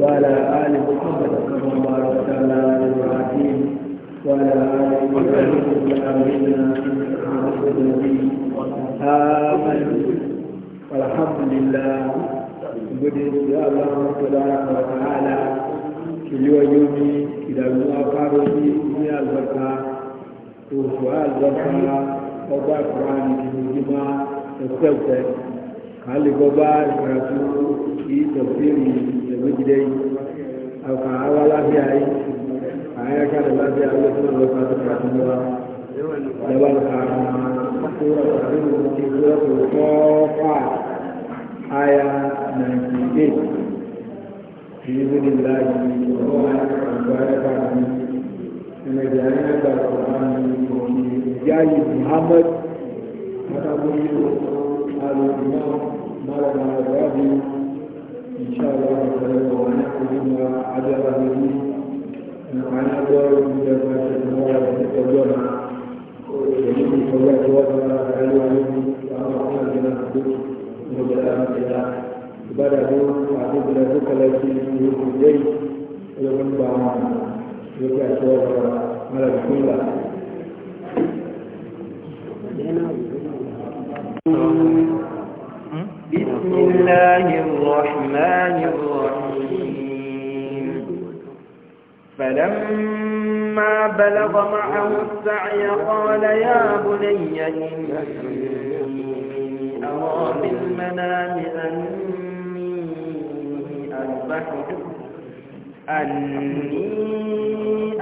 وعلى آل محمد كما باركت على إبراهيم وعلى آل إبراهيم في محمد إنك حميد مجيد آمين والحمد لله بدر يا الله سبحانه وتعالى kiliwa yumi kidamuwa karoji ni albarka usu albarka ọgbà ìfúrani ìdíjúmọ́ ẹ̀kúẹ̀kúẹ̀ kà á lè gbọ́gbà ìfúrasú kì í tẹ̀síìrì ìtẹ̀wéjìdẹ́ yìí àwòkà àwa lábíà yìí àyà kálẹ̀ lábíà yìí fún àwọn ọ̀gá tó kà tó lọ́wọ́ lọ́wọ́ lọ́wọ́ àwọn àyà 98 Ìdíjú ni láàyè ìwọ̀n àgbà ẹ̀ka àmì ìrìnàjò ẹgbà ìkọ̀ọ̀kan ìyá yìí Muhammad mọ́tàbóyò alòmọ́ mọ́rànà ìwádìí ìṣàlọ́ ìṣẹ̀lẹ̀ wọn ní kòrìmọ̀ adébáyé ní ìrìnàjò ọ̀rọ̀ ìjọba ìṣẹ̀lẹ̀ wọn ní ọjọ́ náà èyí ni ìṣọ̀lẹ̀ tó wọ́n tọ́ra ẹ̀rọ ayélujára àwọn ọmọ ìjọba tó ń gbọ́dọ̀ ìjọba ìbádàá tó àti ìbílẹ̀ tó kẹlẹ̀ sí ìlú ìjẹ́yìí ọjọ́ بسم الله بسم الله الرحمن الرحيم فلما بلغ معه السعي قال يا بني إني أرى في المنام أني أذبحك أني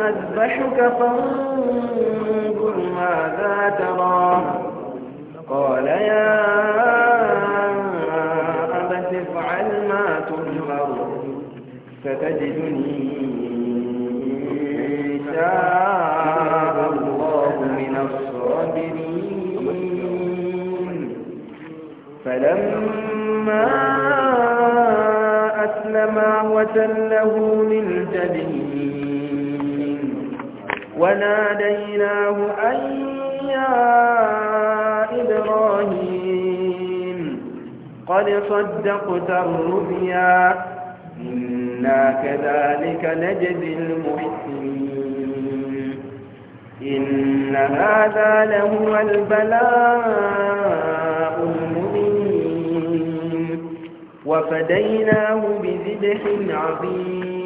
أذبحك فانظر ماذا ترى قال يا أبت افعل ما تؤمر ستجدني شاء الله من الصابرين فلما أسلما وتله للجبين وناديناه أن يا إبراهيم قد صدقت الرؤيا إنا كذلك نجزي المحسنين إن هذا لهو البلاء المبين وفديناه بذبح عظيم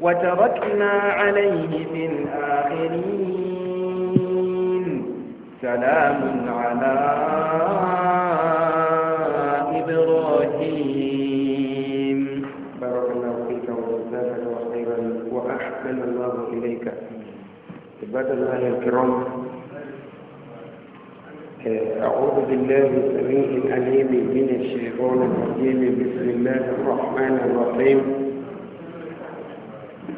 وتركنا عليه في الآخرين سلام على إبراهيم بارك الله فيك وجزاك وخيرا وأحسن الله إليك عباد الله الكرام آه، أعوذ بالله السميع العليم من الشيطان الرجيم بسم الله الرحمن الرحيم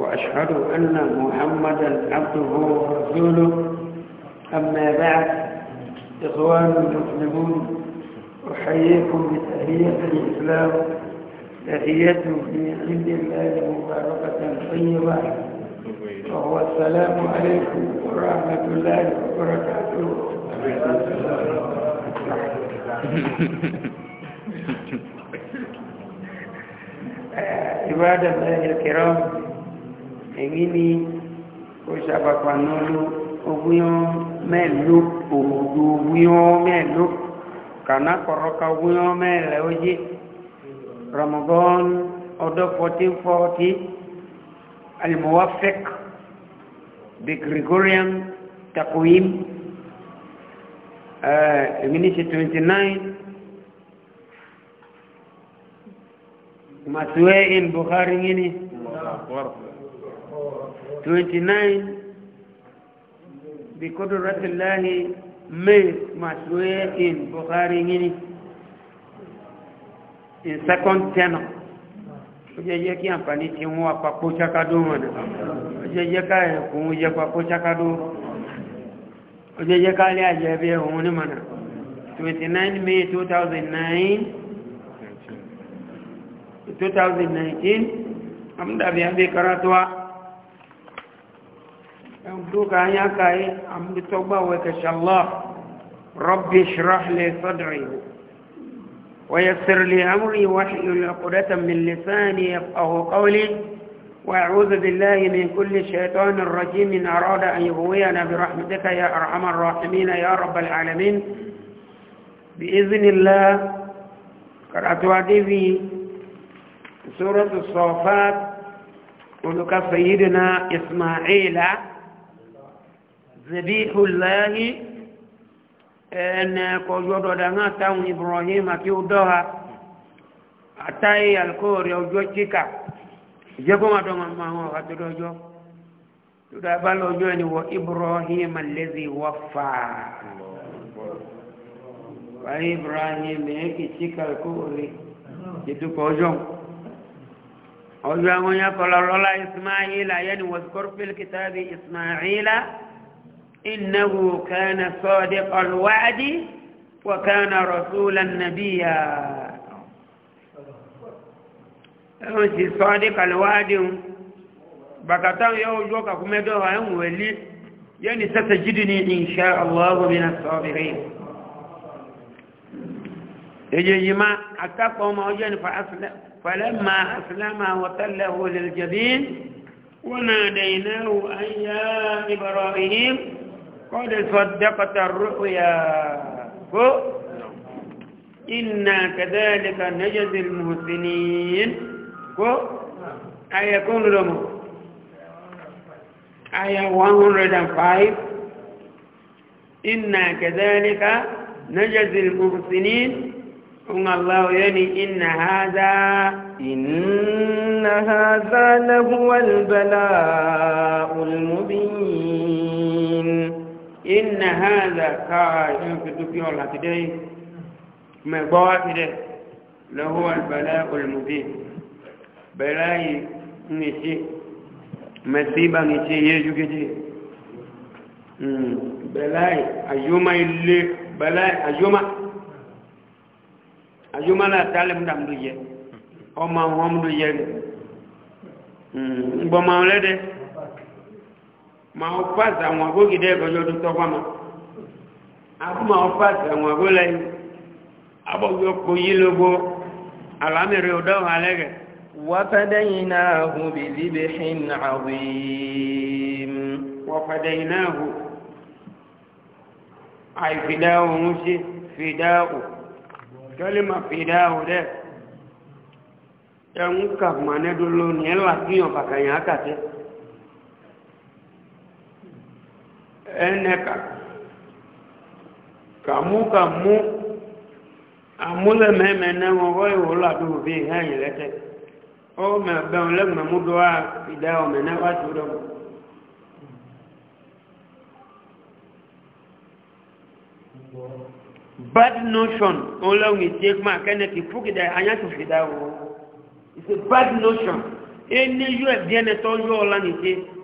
وأشهد أن محمدا عبده ورسوله أما بعد إخوان المسلمون أحييكم بتحية الإسلام تحية في عند الله مباركة طيبة وهو السلام عليكم ورحمة الله وبركاته آه، عباد الله الكرام èyí ni ó ṣàpapọ̀ náà ló ogúnyán mẹ́lò òòdù ogúnyán mẹ́lò kàná kọ̀rọ̀ka ogúnyán mẹ́lẹ̀ ojé ramadan ọdọ́ 1440 alimowafek the gregorian takoyim eh, èmi ní ṣe 29 masuwe in buhari yìí ni. 29 biqudratillahi may maswe in bukhari ngini in second tenor ojẹjẹ kí àǹfààní ti wọ́n àpapọ̀ ṣakádó wọn ojẹjẹ ká ẹ̀kùn jẹ papọ̀ ṣakádó ojẹjẹ ká lé àjẹ́ bí ẹ̀hùn ní mana 29 may 2009 2019 ambe karatwa دوك عنيا كاي عم بتوبة وكش الله ربي اشرح لي صدري ويسر لي أمري وحي عقدة من لساني يفقه قولي وأعوذ بالله من كل شيطان رجيم إن أراد أن يغوينا برحمتك يا أرحم الراحمين يا رب العالمين بإذن الله قرأت في سورة الصوفات ولك سيدنا إسماعيل ذبيح الله أن كوجود دعنا تام إبراهيم أكيدها أتاي الكور يوجوتيكا جكما دوما ما هو هتدوجو تدابلو جوني وإبراهيم الذي وفى وإبراهيم يكتيكا الكور يدوكوجو أوجو أمو يقول الله إسماعيل يعني واذكر في الكتاب إسماعيل إنه كان صادق الوعد وكان رسولا نبيا أنت صادق الوعد بكتان يوجوك كمدوها أمولي يعني ستجدني إن شاء الله من الصابرين يجي ما موجين موجا فلما أسلم وتله للجبين وناديناه أن يا إبراهيم kọ́dẹ̀ sọ́dẹ́kọ̀tà rúkúyà kó iná kẹtẹ́lẹ́kà nẹ́jọ́sí mùsùlùmíín kó ayẹkún lọ́mù ayẹ 105 iná kẹtẹ́lẹ́kà nẹ́jọ́sí mùsùlùmíín ان الله يعني إن هذا إن هذا لهو البلاء المبين inna hadha ka'in fi dukiyo la kidai me gbawa kide lahu al bala'ul mubin bala'i ngishi masiba ngishi yeju kiti mm bala'i ayuma ile bala'i ayuma ayuma la talim dam duye o ma hom duye mm ma ọ pàṣẹ àwọn agbógidẹ́ ẹ̀kọ́jọ́ tó tọ́pá ma abú ma ọ pàṣẹ àwọn agbólẹ́yìn abọ́jọ́ kò yí lógó alámìrì ọ̀dọ́wọ̀n alẹ́gẹ̀ wọ́pẹ́dẹ́yìnáhù bí zíbìhìn àwìn wọ́pẹ́dẹ́yìnáhù àìfidáhù ń bàkàyàn ákàtẹ́ ẹnẹka kàmú kàmú àmúlẹ̀ mẹ́mẹ́ náà wọ́n wọ́n ìwò làdó òbí ẹ̀yìn lẹ́tẹ̀ ó mẹ́bẹ̀rún lẹ́gbẹ̀mú dọ́ à ìdá ọmọ náà wá tó dọ́gbọ̀ bad notion olóhùn ìdíyẹ́gbọ́n akẹ́nẹ́kì fúkìdá ayáṣù fìdá wọ́n it's a bad notion ẹni yóò ẹ̀bí ẹni tó yọ ọ́ lánìí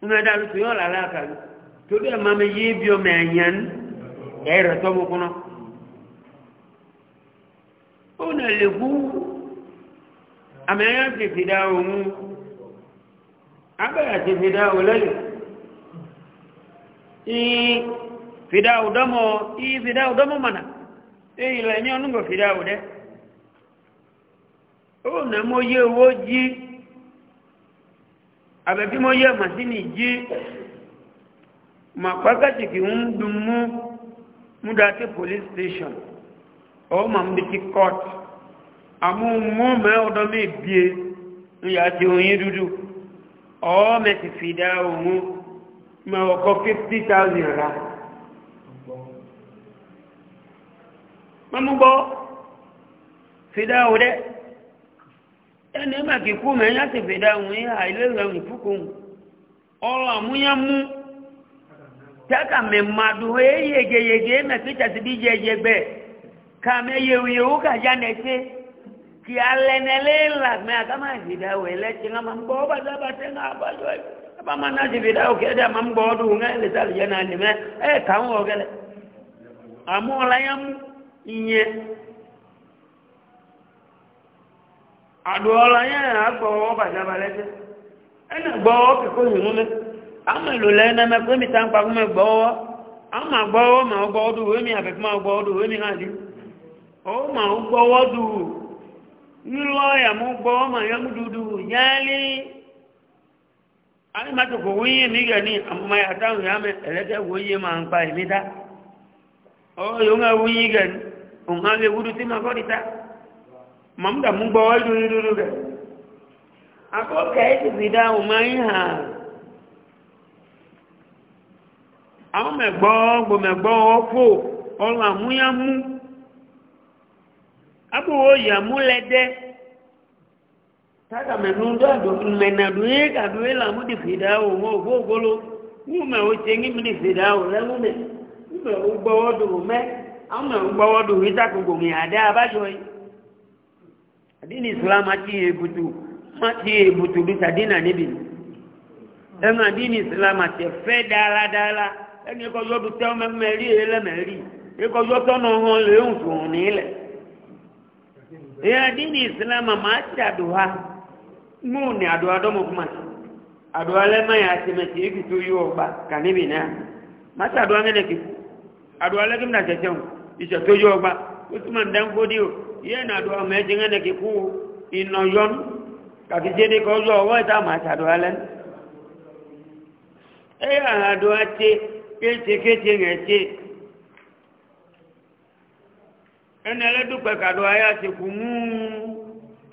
nínú ẹ̀dá ló sèyàn làlá àkàlù torí ẹ̀ máa mi yé bí ọmọ ẹ̀yàn ẹ̀rẹ̀ tọ́mọ kúná ó nà lè kú àmì ẹ̀yà ti fi dá òun abẹ́rẹ́ ti fi dá òun lẹ́yìn ii fìdá òdọ́mọ ii fìdá òdọ́mọ mọ̀nà èyí lẹ́ni ọ̀nùgbọ̀ fìdá òdẹ́ ó nà mọ́ yé owó jí àbẹ̀bí mọ́ yẹ màsínì jí ma pàkàtì kì ń dùn mú mú dàtí police station ọ́ ma mú dìtí court àmú mú mẹ́ ọ̀dọ́ mi bíe ìyá ti oyin dúdú ọ́ mẹ́ ti fi dá òun mẹ́ ọkọ̀ fifty thousand ra mẹ́mú gbọ́ fi dá òun dẹ́. ẹni ẹ máa kì kú mẹ ẹyà tẹfẹ dá àwọn ẹyà ìlérò ẹwùn ìfúkọ ọrọ àmúyámú tẹka mẹmàdù ẹyẹ yẹgẹyẹgẹ ẹmẹ fíjà sí bí yẹgẹ bẹ kàmẹ yẹwùyẹwù kàjá nẹtẹ kì alẹ nẹlẹ là mẹ àkàmà ìdá wẹ lẹtẹ ńlá máa ń bọ ọba dábà tẹ ńlá àbájọ ẹ bá máa ná dá òkè máa ń bọ ọdún ńlá ẹlẹsẹ àlùjẹ náà lè àdó ọ̀la yẹn agbọ̀wọ́ bàjába lẹ́jẹ́ ẹnà gbọ́wọ́ kíkó na lẹ́ àmà ìlú lẹ́yìn náà mẹ́kọ́ mi ta ń pa fún mi gbọ́wọ́ àmà gbọ́wọ́ mà ó gbọ́wọ́ dùn wémi àbẹ̀fẹ́ mà ó gbọ́wọ́ dùn wémi hàn dí ó mà ó dùn nílò mà yálé wíyé mi ní yà mẹ ẹlẹ́tẹ̀ wíyé mà ń pa ìmí ta yóò ń mamda mu gbawa idori Akụ ka akọ́kẹ́ ìtìsí dáhùn máa ahụ hà àwọn mẹ̀gbọ́ ọfụ, ọ́fò ọrùn àmúyámú abúwo yàmúlẹ́dẹ́ tágàmẹ̀nú dọ́dọ̀ mẹ̀nàdù yé kàdù yé làmú dìfì dáhùn wọn òfò ògbóló ní dini islam ati ebutu mati ebutu bi sadina nibi ema dini islam ati fe dala dala eni ko yo du tew me meri ele meri e ko yo to no hon le un tun ni le e dini islam ma ti aduha mu ni aduha do mo kuma aduha le ma ya ti me ti ebutu yo ba kanibi na ma ti aduha ngene ki aduha le kim na jejeun ise to yo ba usman dan godiyo yana do amma jinga ne ki ku inno yon ka ki jede ko yo wa ta ma ta do alen e ya do ate ke te ke te nge te ene le du pe ka do aya ti ku mu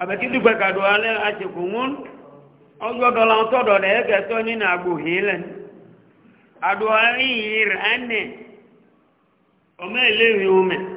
abe ki du pe ka do ale a ti ku mu ojo do la on to do de ke ni na agbo hilen adu ayi rane o me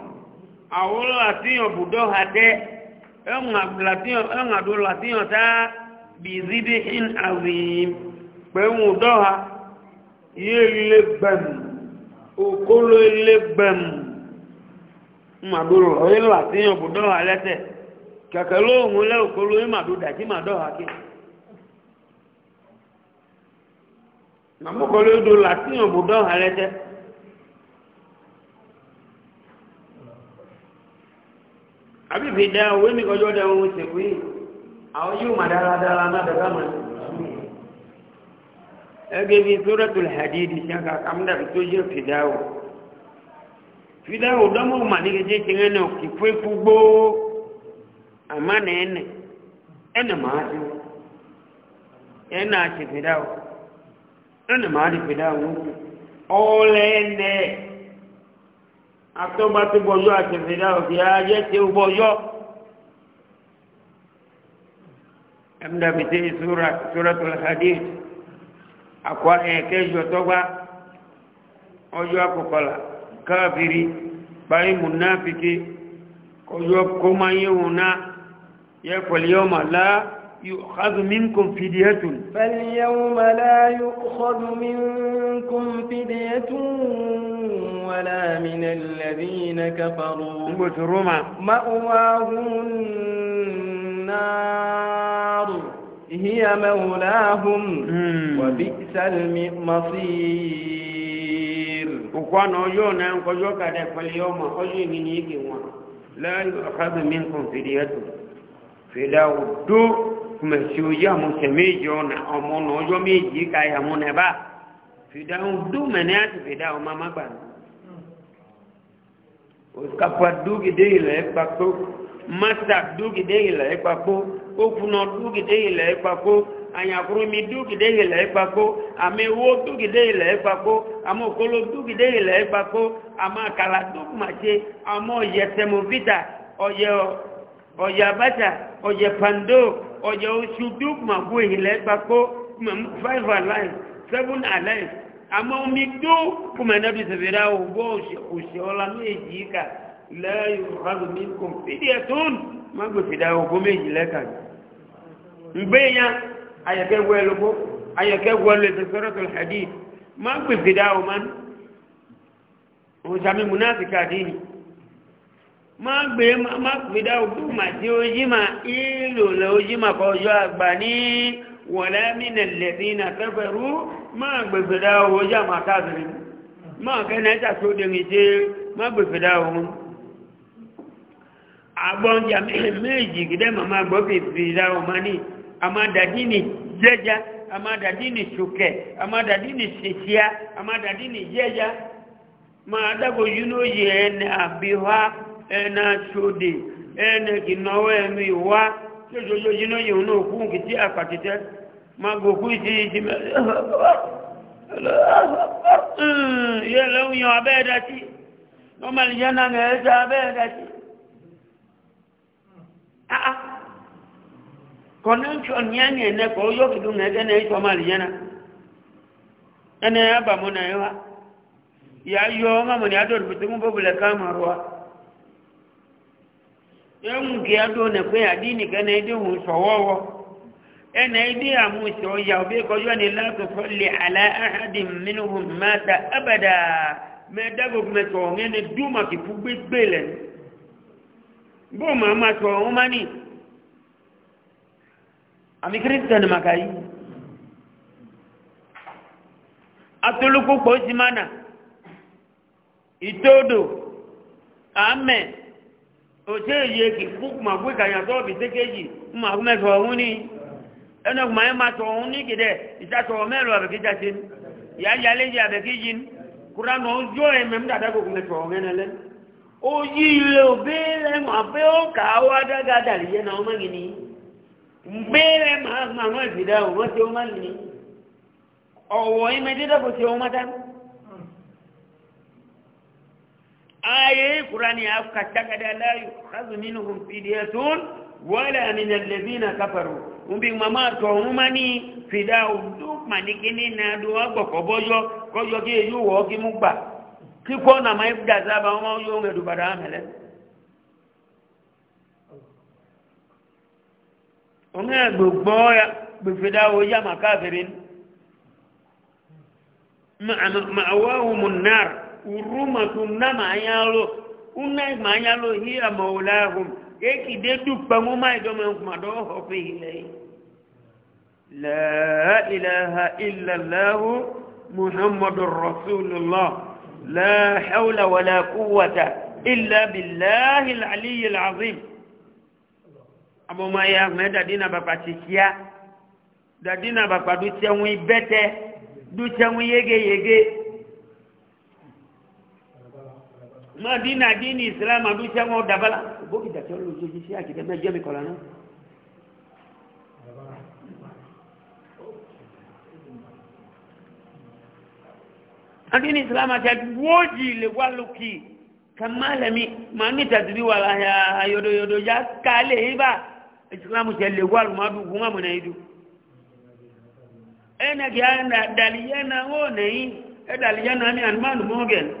àwọn làtíyàn bùdọ́ àdẹ́ ẹ̀wọ̀n àdó làtíyàn tá bí zídí in àwìn pẹ̀wọ̀n dọ́ha yé ilé gbẹ̀m òkóló ilé gbẹ̀m màdúró ọ̀yẹ́ làtíyàn bùdọ́ àlẹ́tẹ̀ kẹ̀kẹ́ lẹ́ òkóló àbí fi dá owó mi kọjọ́ dá ohun ṣèkú yìí àwọn yóò mà dáradára má dàgbà mà ẹgbẹ́ bíi sórẹ́tù hadidi ṣáka kàmúdà tó yẹ fi dá o fi o dánwò mà ní kejì kìnìún náà kì í fún ikú gbóó àmà nà ẹnẹ ẹnẹ màá ti ẹnẹ àti fi o ẹnẹ màá ti fi o ọ̀lẹ́ ẹnẹ atọ́gba tó bọ̀yọ́ àti fìdá òkè ayé tí ó bọ̀yọ́ ẹ̀mdàbìtẹ́ ìṣúra ìṣúra tó lẹ́sàdé àkọ́ ẹ̀kẹ́jọ tọ́gba ọjọ́ àkọ́kọ́lá káàfìrí parí múnáfìkì ọjọ́ kọ́máyéwòná yẹ pẹ̀lú láà يؤخذ منكم فدية فاليوم لا يؤخذ منكم فدية ولا من الذين كفروا مجرما مأواهم النار هي مولاهم وبئس المصير وكان يونا كجو كده فاليوم اوجي نيجي وانا لا يؤخذ منكم فدية فداو دو kumesiuja musemeji مسميجون omono ojo meji kaya muneba fidau du meneati fidau mama kapa dugide ilẹ̀ ẹ̀kpakó masta dugide ilẹ̀ ẹ̀kpakó okunọ dugide ilẹ̀ ẹ̀kpakó anyakurumi dugide ilẹ̀ ẹ̀kpakó amewo dugide ilẹ̀ ẹ̀kpakó amokolo dugide ilẹ̀ ẹ̀kpakó amakala dugumatse amọ yẹsẹmuvita ọyẹ ọyẹ abata ọyẹ pando ọyẹ osu dugumabo ilẹ̀ ẹ̀kpakó five alive seven alive ama umidu kuma nabi sabirao bo ushola mejika la yukhadhu minkum fidyatun mago fidao gomeji leka mbenya ayake welo bo ayake welo tafsiratul hadith mago fidao man usami munafika dini magbe magbeda ogun mati ojima ilo le ojima ko ojo agba ni wala min alladhina kafaru máa gbèsè dá owó yá máa káàkiri máa kẹ́ náà tó dẹ̀rin tí máa gbèsè dá owó agbọ́njà méjì gidẹ́ màmá gbọ́ fèfè dá owó máa ní àmàdàdí ni jẹ́já àmàdàdí ni ṣùkẹ́ àmàdàdí ni ṣèṣíá àmàdàdí ni jẹ́já máa dágbò yúnú yẹ ẹni àbíwá ẹna ṣòdè ẹni kìnnàwó ẹnu ìwá tí ó ṣojú yúnú yẹ òun náà kú kìtí àpàtìtẹ́ máa gòkú ìṣe ìṣe yẹ lẹ́hùn yan abẹ́ ẹ̀dá sí normal yẹn náà ẹ̀ ṣe abẹ́ ẹ̀dá sí. connection yẹn ni ẹ̀nẹ́ kọ́ yóò fi dùn ẹ̀gẹ́ náà ìṣọ́ máa lè yẹn náà ẹ̀nẹ́ àbàmọ́ náà ẹ̀ wá ìyá yọ ọmọ mọ̀ ní adọ́rùn fi tẹ́kún bọ́bùlẹ̀ ká máa rọ wa. ẹ̀hùn kí adọ́ nẹ̀kún yà dín nìkan náà ẹ̀dẹ́ òun sọ̀wọ́wọ́ ẹnà ibi àmúṣe ọ̀yà òbí kọjọ́ ni láti fọ́lẹ̀ aláàádìí nínú mẹ́ta abẹ́dà mẹ́dàgbògbẹ̀tọ̀ ọ̀hún ẹni dúmọ̀ kì fún gbégbé lẹ̀ bó máa máa tọ̀ ọ̀hún má ní àmì kírísítẹ̀nì màkà yìí atolókòpọ̀ sí mánà ìtòdò àmẹ́ òṣèyẹ kì fún màgbé kàyàtọ̀ ẹnu ọgbọ̀n ayé máa tọ̀hún ní kìdẹ̀ ìtàtọ̀hún mẹ́rin àbẹ̀kí jáde ní ìyájí aléjì àbẹ̀kí yìí ní kúránù ọjọ́ ẹ̀mẹ́ ń dàdá gbogbo ní tọ̀hún ẹ̀nà lẹ́nu ó yí ilé òbí lẹ́mọ abẹ́ ó kà á wá dága dàlí yẹn náà ọmọ yìí ní gbé lẹ́mọ àgbà náà ìfìdá ọmọ tí ọmọ yìí ní ọ̀wọ́ ìmẹ́dídàgbò tí ọmọ dá ayé kúránì àkàtàkàdà láyò kásùmínú fìdíẹ̀ tó wọ́lẹ̀ àmì umbi mama to umani fidau du mani na du agbo ko bojo ko yo ki yu wo ki mugba ki ko na mai gaza ba mo yo ngedu bara amele onge gbogbo ya bi fidau ya makafirin nar nama yalo ma yalo hiya maulahum eki de dukpa mu mai do me kuma do ho pe ile la ilaha illa allah muhammadur rasulullah la hawla wala quwwata illa billahi al-ali al-azim abo ma ya me da du tianwi bete du tianwi yege yege madina dini islam adu sẹ́wọ̀n dabala bókì dàtí ọlọ́run tó jíṣẹ́ àkìtẹ́ bẹ́ẹ̀ jẹ́mi kọ̀ọ̀lá náà. adini islam àti àdúgbòjì lè wá lókì kàmálẹ̀mí màá ní tàdúrí wà ayọ̀dọ̀yọ̀dọ̀ yá kálẹ̀ yìí bá islam tẹ lè wá lùmọ́dù gún àmọ́nà yìí Ena ẹnì kí á dàlíyẹ́ náà ó nẹ̀yìn ẹ̀ dali náà ní àdúmọ̀ àdúmọ̀ gẹ̀ẹ́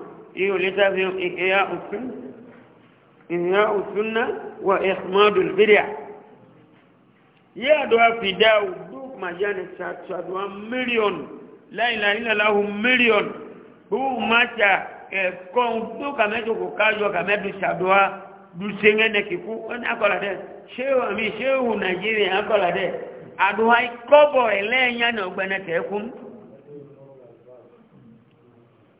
hiyo litavyo ihya usunna ihya usunna wa ihmadul bid'ah ya doa fidau duk majani cha cha doa million la ilaha illa lahu million huu macha eh, kon duk amejo kukajwa kamedu cha doa dusengene kiku akola de shehu ami shehu najiri akola de aduwa ikobo eleenya na ogbene tekun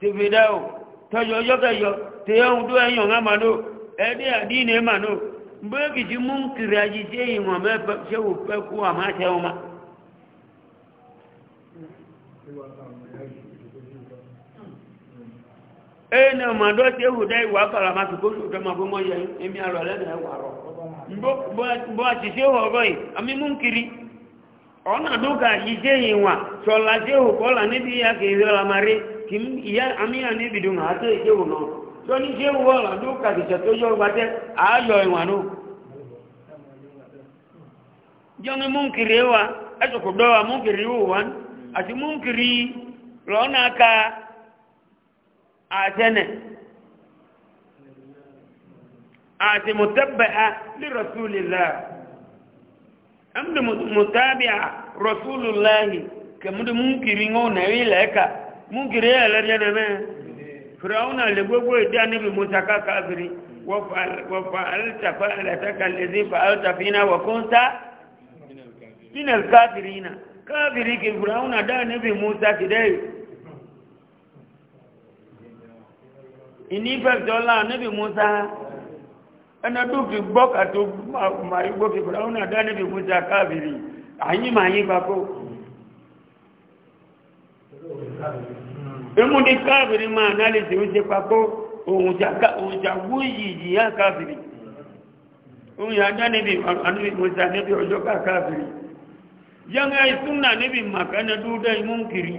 tèfè dá o tọ́jọ ọjọ́ kẹjọ tèyẹ ohun tó ẹyàn ọ̀gá màdó ẹ̀ẹ́dẹ́ mú kiri ajé ìwọ̀n mẹ́fẹ́ ṣé wò fẹ́ kú àmà wọn ma. ee na màdó dị wò dá ìwà kàlà má tó kóso tó ma fún mọ́ yẹ ẹ̀mí àrọ̀ lẹ́nu ẹ̀wà rọ̀ mbọ́ àṣìṣe ọ̀rọ̀ yìí àmì mú kiri ọ̀nà dúkà ìwọ̀n sọ̀lá kìm ìyá àmì àní ìbìdùn àtọ́ ìjẹ́wò náà tó ní ṣe wọ́n àdó kàtìṣẹ́ tó yọ gbàtẹ́ àáyọ ìwọ̀n náà jọni múnkiri wa ẹ̀sùkù dọ́wà múnkiri wò wọ́n àti múnkiri lọ́nà aka àtẹ́nẹ̀ àti mùtẹ́bẹ̀á lè rọ̀súlìlá ẹ̀mùdì múnkiri wọn nàrí lẹ́ẹ̀ka múngìrì ẹ̀ lẹ́yìn ẹ̀dẹ̀ mẹ́ fìràwọn àlè gbogbo ìdí àníbi mùsàkà káfìrí wọ́fà alìtàfà àlàtàkà lèzi fà alìtàfínà wọ̀ kóńtà nínú káfìrí náà káfìrí kì fìràwọn àdá àníbi mùsà kìdẹ́ yìí. ìní ìfẹ̀sọ̀lá àníbi mùsà ẹnà dúkì gbọ́kà tó máa gbókè fìràwọn àdá àníbi mùsà káfìrí àyìnbá àyìnbá kó emúdi káàbìrì máa analysis ń ṣe papọ̀ òun jà wú yìí yá káàbìrì òun yà dá níbi àníbi mọ̀sá níbi ọjọ́ káàbìrì yánga ìsúnà níbi màkánà dúdẹ́ ìmúnkiri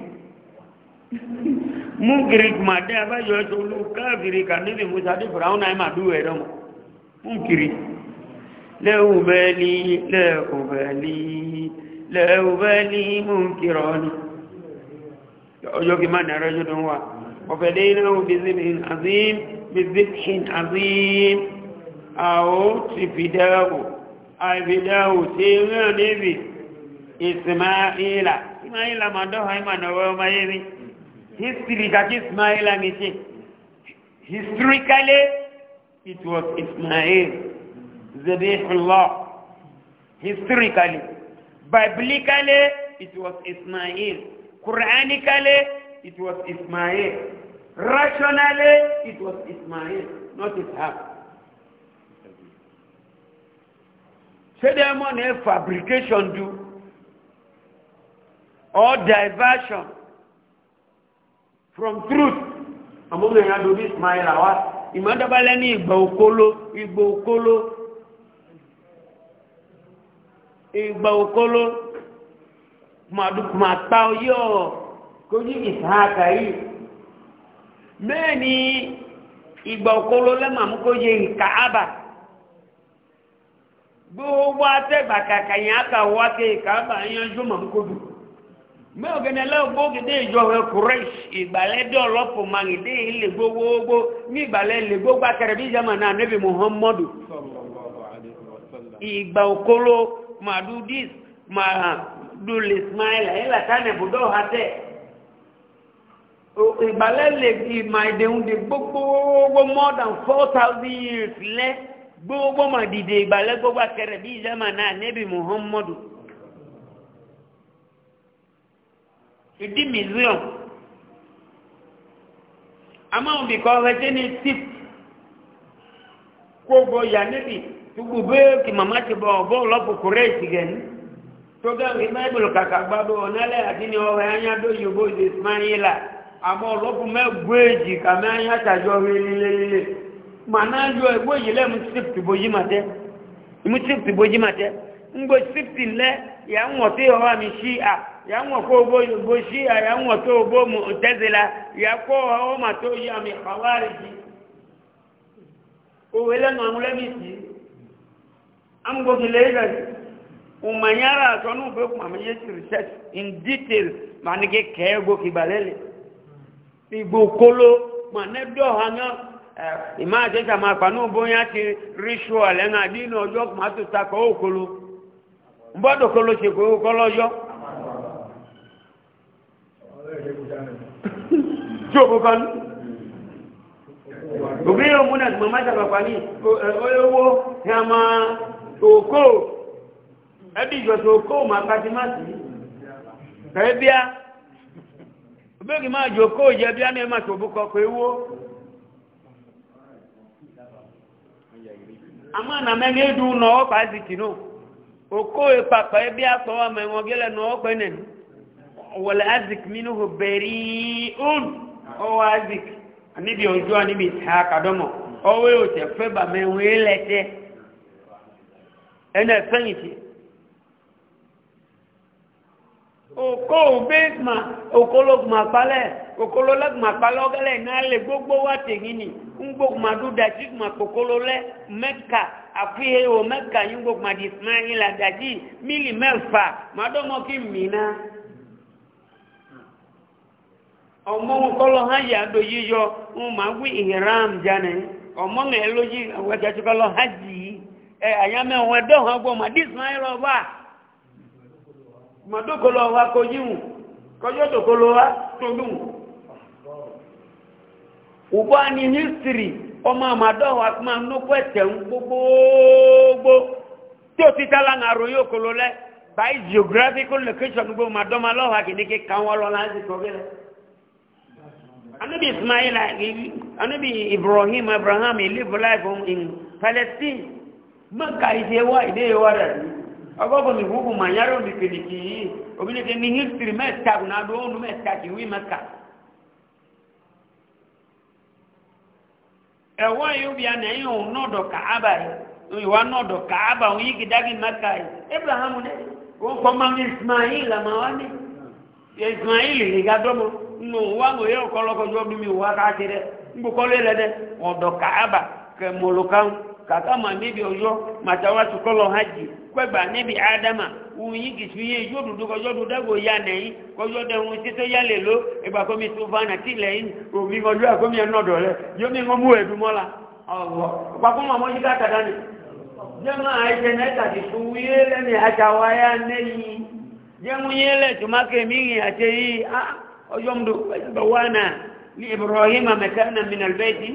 múnkiri màdé abájọ ẹjọ́ olú káàbìrì kà níbi mọ̀sá ní fìràwọn náà má dúró ẹ̀rọ mọ̀ múnkiri lẹ́wù bẹ́ẹ̀ ni lẹ́wù bẹ́ẹ̀ ni lẹ́wù bẹ́ẹ̀ ni múnkirọ́ ni ojoki ma nara jodon wa وفديناه بذبح عظيم بذبح عظيم أو تفداه أي فداه تيغا نبي إسماعيل إسماعيل ما دوها ما نوى ما يبي history that Ismail and it historically it was Ismail Zabihullah historically biblically it was Ismail Quranically, it was Ismail. Rationally, it was Ismail, not Ishaq. Sedemon a fabrication do or diversion from truth. Àmọ́ mi ìrìnàjò bí Ismail àwá, ìmọ̀dọ́bálẹ́ ní ìgbà òkóló, ìgbà òkóló, ìgbà òkóló máa pa oyé ọ̀rọ̀ kó yí ìsáàkà yìí bẹ́ẹ̀ ni ìgbà òkolo lẹ́màmú kó yẹ ìka kaaba gbogbo atẹ́gbà kàkà yẹn aka wá ké ìka ábà yanjú màmú kó dùn mẹ́wọ̀n gẹ́gẹ́ lẹ́wọ̀n gbógede ìjọ rẹ̀ kúrẹ́ṣì ìgbàlẹ́ dé ọlọ́pọ̀ màgídé ilé gbogbogbò ní ìgbàlẹ́ lè gbogbo akẹrẹ bí jama náà níbi muhammadu ìgbà òkolo màdúdís ma dole smile ila tane budo hate ìgbàlẹ́lẹ̀ ìmà ìdẹ̀hùndè gbogbo more than four thousand years lẹ́ gbogbo mà dìde ìgbàlẹ́ gbogbo akẹrẹ bí ìjẹ́mà náà nẹ́bí muhammadu ìdí million amáhùn bìkọ́ ọ̀rẹ́jẹ́ ní tip kó gbọ́ yà nẹ́bí tó gbogbo kì màmá ti bọ̀ ọ̀bọ̀ ọlọ́pù kúrẹ́ ìsìgẹ̀ ní program bible kàkà gbádùn ọ̀nálẹ̀ àti ní anya ẹ̀yà tó yòbó ya ismaila àmọ́ ọlọ́pù mẹ́gbọ́ èjì kàmẹ́ ẹ̀yà tàjọ rílẹ̀lẹ̀ màná yọ ẹgbọ́ yìí lẹ́mú sífìtì bójí màtẹ́ ìmú sífìtì bójí màtẹ́ ń gbọ́ sífìtì ji yà mi ya mu umanyara atonu be ma me yechi research in detail manike kego kibalele igbo kolo ma do hanga ìmá àtẹ́sà máa pàánù ma akpa ritual ẹ̀nà àdínà ọjọ́ na-adị n'ọjọ òkolo bọ́dọ̀ kolo okolo kò ó kọ́lọ́yọ́ tí ọjọ. ɛdi dzɔsɔ kó ma kati ma si kɛ bia obegi ma dzo kó dze bia ne ma tso bu kɔkɔ ewo ama namɛ ne du nɔwɔ kpa zikpi no oko ekpakpa ebia kpɔ wa mɛ ŋɔ bi le nɔwɔ kpɛ nɛ wɔle azik mi no ho bɛrii un ɔwɔ azik ani bi ojú ani bi ta kadɔmɔ ɔwɔ yi o tɛ fɛ ba mɛ ŋɔ yi lɛ tɛ ɛnɛ fɛn yi ti. òkó òbé ma òkólógbòmà palẹ̀ òkólólógbòmà palẹ̀ ọgẹ́lẹ̀ náà lè gbogbo wá tèyí ni ńgbògbòmà dúdà tí gbòmà kòkólólẹ́ mẹ́ka àfihàn ìwò mẹ́ka yín gbògbòmà di ismail àdàjì mílì mẹ́fà màdọ́mọ́ kí mìíràn ọmọ kọ́lọ́ hàn yàdó yíyọ ń máa wí ìhìrán jáde ọmọ mẹ́ẹ̀lójì àwọn ẹ̀kẹ́ tó kọ́lọ́ hàn jì í ẹ̀ àyàmẹ́wọ̀n ẹ̀dọ́ mọ̀dókòlò wa kojíhùn kọjọ́ dòkòlò wa tódùn ùgbọ́ ni history ọmọ àmàdọ́ wa kuma nókò ẹ̀tẹ̀ ń gbogbogbò tí ó ti by geographical location gbogbo lọ́wọ́ káwọn lọ láti ọgọ́bọ̀ ni gbogbo manyara olùkèdèkì yìí obìnrin kí ní history mẹ́ta náà ló ń lu mẹ́ta kì í wí mẹ́ta. ẹ̀wọ́ yìí bí àná yìí òun náà dọ̀ kàába yìí ìwà náà dọ̀ kàába òun yìí kìdágì mẹ́ta yìí abraham ní òun kọ́ máa ismail àmà wá ní ismail mi kàkà mà níbi ọjọ́ màtàwá tukọ́lọ̀ hajj kwẹ́gbà níbi ádámà òun yìí kìí fi yé ijó dúdú kọjọ́ dúdú dẹ́gbò ya nẹ̀yìn kọjọ́ dẹ̀hun títọ́ ya lè ló ìgbà kọ́mi tó fa nàtí lẹ́yìn omi ọjọ́ àkọ́mi ẹ̀nà ọ̀dọ̀ rẹ̀ yóò mi wọ́n mú ẹ̀dùn mọ́la ọ̀wọ́ pàpọ̀ mọ̀ mọ́ yíká kàdá ni. jẹ́mu àìsẹ̀ nẹ́ta ti fún wíyé lẹ́ni àtàwá ya nẹ́yìn jẹ́mu yé lẹ̀ tùmákẹ́ mi rìn àti yìí ọjọ́ mdu bàwánà ní ibrahim mẹ́kánà mìnàlbẹ́ẹ̀tì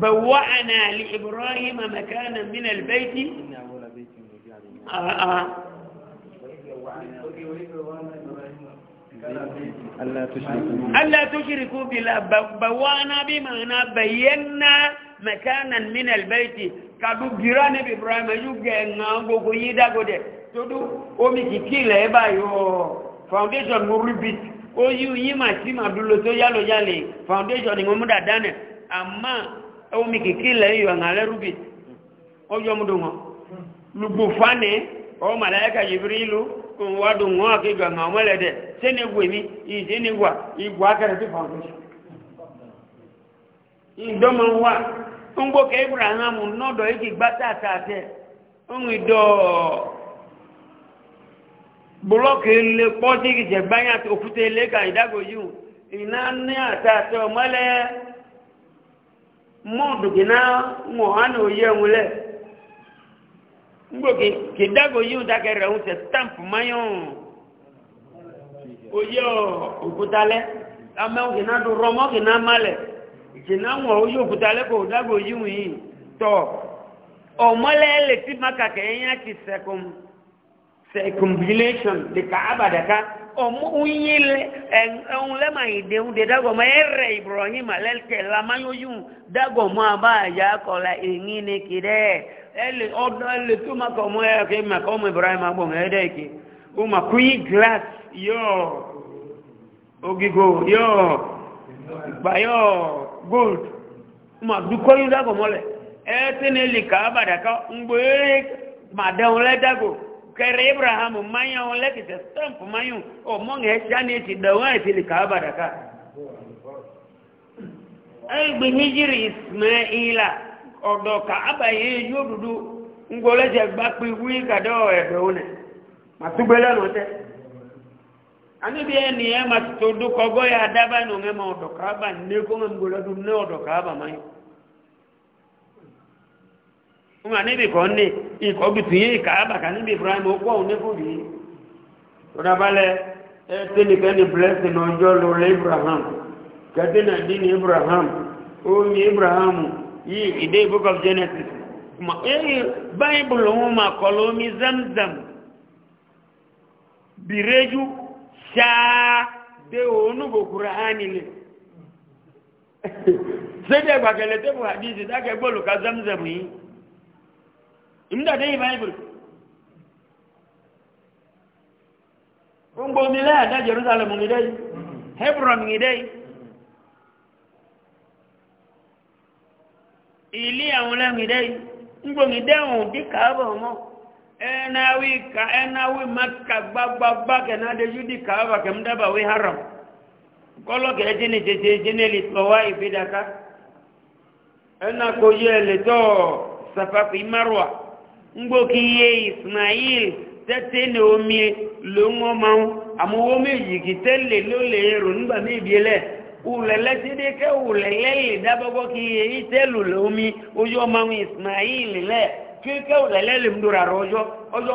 بوعنا لإبراهيم مكانا من البيت آه آه. ألا تشركوا بالله بوانا بمعنى بينا مكانا من البيت كادو جيران إبراهيم يجعلنا غوغو يدا غودي تدو أمي كيلا إبا يو foundation murubit oyu yima sima dulo to yalo yale foundation ni mumuda dane ama ẹwọ mi kìkì lẹ yọ rúbì mu dùn wọn lùgbò fani màláyàkà ìlú wá dùn wọn dẹ sẹni mi ìyí sẹni akẹrẹ ti fà wọn. ìdọ́mọ wa ń ibrahim nọ́dọ̀ ń lè pọ́ sí ìjẹ̀gbáyà òkúta ilé kan mọdụ gị na mụ ha na oyi enwule mgbe gị dago yi ụdakere nwute stampụ mmanya oyi òkútalẹ amẹ gị na dụ rọmọ gị na malẹ gị na mụ oyi òkútalẹ ka ụdago yi nwunyi tọ ọmọlẹ lè ti maka ka enye ti sekụm circumambulation dị ka abadaka ọmụnye lema idewu de dagoma ere ibrahim alelkela mayoyun dagoma abaja kọla enyi nekide ọdọletu maka ọmụ ya ka maka ọmụ ibrahim agbọm edeke ụma kunyi glass yoo ogigo yoo gbayoo gold ụma dukọyu dagomọle ẹ tí ni lè ka abadaka mgbe ma de dẹun lẹ́dàgò kere ibrahim mayọ lẹ́kìtẹ̀ stamp mayọ ọmọ ẹ̀ṣá ní ti dẹ̀wọ́n ìfìlì e kàábàdàká ẹgbẹ̀ hijiri ismaila ọ̀dọ̀ kàábàyẹ yóò dúdú ngbọ́lẹ́jẹ̀ gbá pé wí kàdọ́ ẹ̀dọ̀wọ́n nẹ̀ màtúgbẹ́lẹ́ lọ́tẹ́ anibi ẹni ẹ màtútó dúkọ gọ́yà adábánu ẹmọ ọ̀dọ̀ kàábà ní kó ń gbọ́lọ́dún ní ọ̀dọ̀ aba e mayọ ụmụ níbi kan ní nne bí tún yé ìkàábà kan ibrahim ogún n'efu nípò rí rọ́dàbálẹ̀ ẹ tẹ́nìkẹ́ni ọjọọ lụrụ ibrahim kẹ́tẹ́nà na ní ibrahim onye ibrahim yi ide book of genesis ma eyi baịbụl ụmụ ma omi zamzam bireju de tebụl ha zamzam inda dai bible ngbo jerusalem ni dai hebron ni ili awon la ni dai ngbo ni dehun oh, di oh. ka bo mo enawi ka enawi makka gbagbagba ke na ka haram kolo ke jini je jini li towa ibidaka ngboki iye ismail tẹ́tẹ́ ní omi ló ń wọ́n máa ń àmúwó méjì kì tẹ́lẹ̀ ló lè rò nígbà mébi lẹ̀ ulẹ̀ lẹ́tídé kẹ́ ulẹ̀ lẹ́lẹ̀ dábọ́gbọ́ kí iye yìí tẹ́lù lómi ojú ọmọ àwọn ismail lẹ̀ kí kẹ́ ulẹ̀ ọjọ́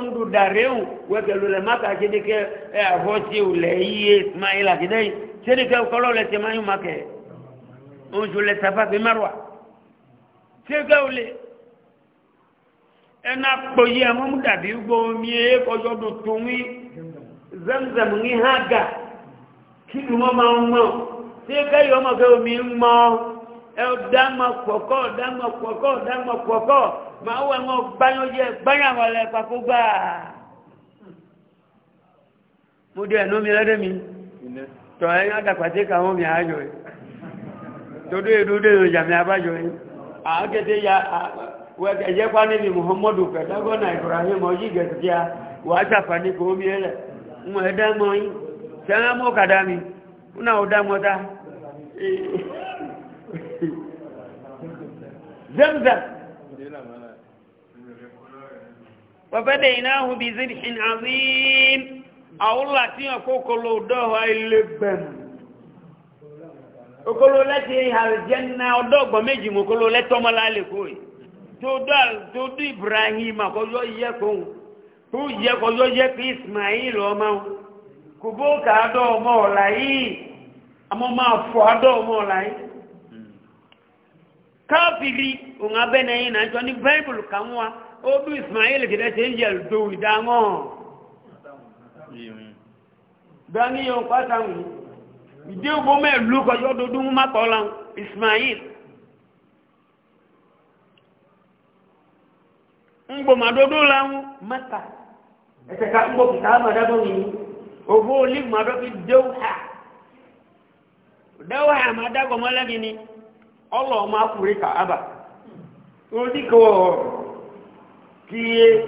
ń ulẹ̀ ismail kọ́lọ́ máa yún Ena kpoyi ẹmọ mu dàbí gbomi yẹ e kọjọ do tómi zẹmzẹm ní hàn gà kí dùmọ́ ma ń mọ̀ tí kẹ́yọ̀ ọmọ kẹ́ omi ẹ dáma pọ̀kọ́ dáma pọ̀kọ́ dáma pọ̀kọ́ wọ ẹ̀wọ̀n gbáyọ̀jẹ́ mo ẹ̀jẹ̀ pa níbi muhammadu pẹ̀dágọ́nà ibrahim ọjí gẹ̀ẹ́sìá wà á sàfàní kò ó miẹ́lẹ̀ mọ̀ ẹ̀dá mọ́ yí tẹ́lá mọ́ kàdá mi náà ó dámọ́ta zamzam wọ́fẹ́dẹ̀ ináhù bí zidhin azim àwúlà tí ọkọ̀kọ̀lọ̀ ọdọ́wà ilé gbẹ̀m okolo lẹ́tí àrìjẹ́ ná ọdọ́gbọ̀n lẹ́tọ́mọ́lá lè kóyìí todal todi ibrahima kɔjɔ yɛ koŋ tó yɛ kɔjɔ yɛ kí ismail ɔmɔ kubo kaa dɔ ɔmɔ ɔla yi amɔ maa fɔ adɔ ɔmɔ ɔla yi káfìrí òun abẹ́ náà yìí náà jọ ní bible kan wa ó bí ismail kìdẹ́ ṣe ń yẹ lòdò ìdáná gbani pátá wù ìdí ògbómẹ̀ lù kɔjɔ dodun má kọ́ la ismail. ńgbòmàdodo la ń mẹ́ta ka ká ńgbòkìtà àmàdábọ̀ yìí òfò olive màdọ́ fi déwù hà déwù hà màdágọ̀ mọ́lẹ́gì ni ọlọ́ ọmọ afurika abà orí kò kí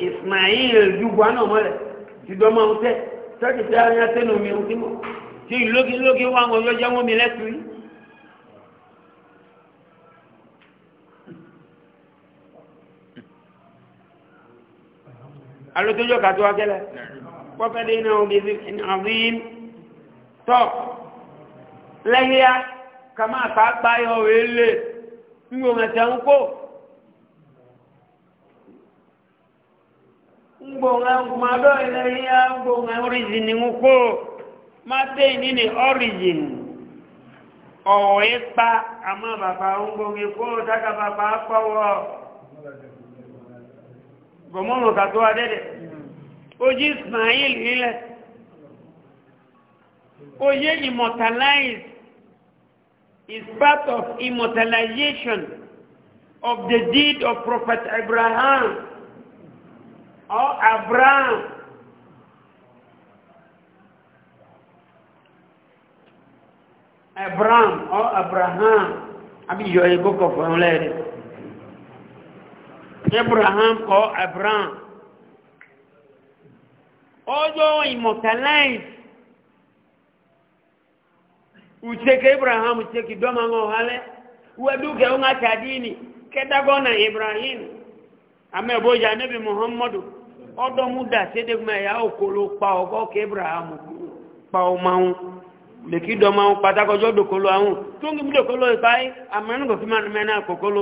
ismail dùgbà náà mọ́lẹ̀ ti dọ́mọ ọ̀hún tẹ́ tẹ́kìtì ayé atẹ́nu mi ọ̀hún mo ti mi lẹ́tù yìí. alo tó jọ kàtó akẹ́lẹ̀ pọ́pẹ́lì iná omi ìnàwín tọ́ lẹ́yìá kàmá àpápá yọ wẹ́lẹ̀ ńgbò mẹ́tẹ̀ ń kó ńgbò mẹ́kùnmọ́dọ́ ìlẹ́yìá ńgbò mẹ́ origin ń kó má tẹ́ ìní ni origin ọ̀wọ́ ipa àmọ́ bàbá ńgbò mẹ́kó tákà bàbá pọ̀wọ́ bọ̀mọ́lò tàtó adẹ́dẹ̀ ó jí ismail nílẹ̀ ó yé immortalize is part of immortalization of the deed of prophet abraham or abraham abraham or abraham àbí yọ ìbókọ̀ fún ọlẹ́rìí abraham kọ́ abraham ọjọ́ immortalize ucheke abraham ucheki doma ng'ohale weduke ung'acha dini kedagona ibrahim ameboja nebi muhammadu ọdọ́ múdà sédégbọ́n ẹ̀yà òkòló pa ọgọ́ kí abraham pa ọmọ ahun lèkí dọ́mọ ahun pátákọjọ́ dòkòló ahun tó ń gbé dòkòló ìpáyé àmọ́ ẹnu kò fi máa mẹ́ná kòkòló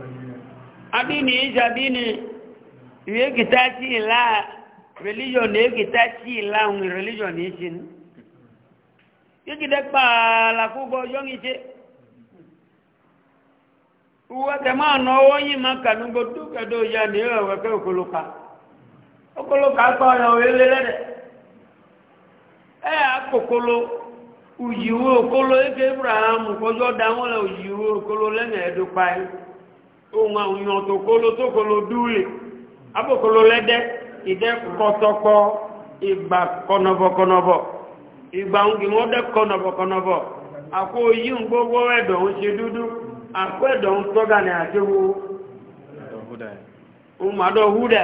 adini ìjà dini ìwé kìtá tí religion ìwé kìtá tí ìlà ohun religion yìí ṣe ní kíkìdẹ́ pààlà kúgbọ́ ọjọ́ yìí ṣe wọ́tẹ̀ máa nọ owó yìí máa kànú gbòdú kẹ́dọ̀ ìyá ní ọ̀wẹ́kẹ́ òkòlùkà òkòlùkà pa ọ̀nà òwélé lẹ́dẹ̀ ẹ̀ àkòkòlò òyìwó òkòlò eke ibrahim kọjọ́ dáwọn òyìwó òkòlò lẹ́yìn ẹ̀dùn yìí. ohun àwọn èèyàn tó kóló tó kóló dúlé abókóló lẹ́dẹ́ ìdẹ́ kọtọkọ ìgbà kọnọbọkọnọbọ ìgbà òǹkì wọ́n dẹ́ kọnọbọkọnọbọ àkó yí ń gbogbo ẹ̀dọ̀ ń ṣe dúdú àkó ẹ̀dọ̀ ń tọ́gà ní húdà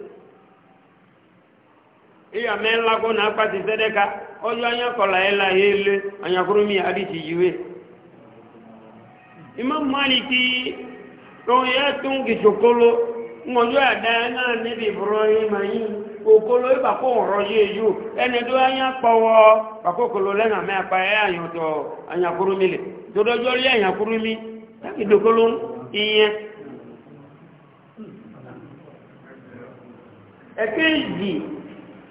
iya mela ko na pati sedeka ojo anya kola ela hele anya kurumi hadithi jiwe imam maliki to ya tungi chokolo ngojo adana nabi ibrahim ayi okolo iba ko roje ju ene do anya powo bako kolo lena me apa e ayo to anya kurumi le to dojo ri anya kurumi taki e dokolo ihe ekeji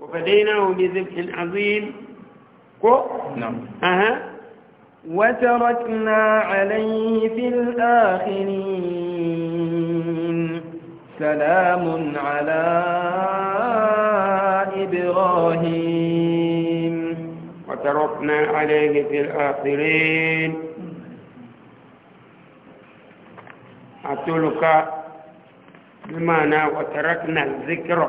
وفديناه بذبح عظيم كو نعم أها وتركنا عليه في الآخرين سلام على إبراهيم وتركنا عليه في الآخرين أتلك بمعنى وتركنا الذكر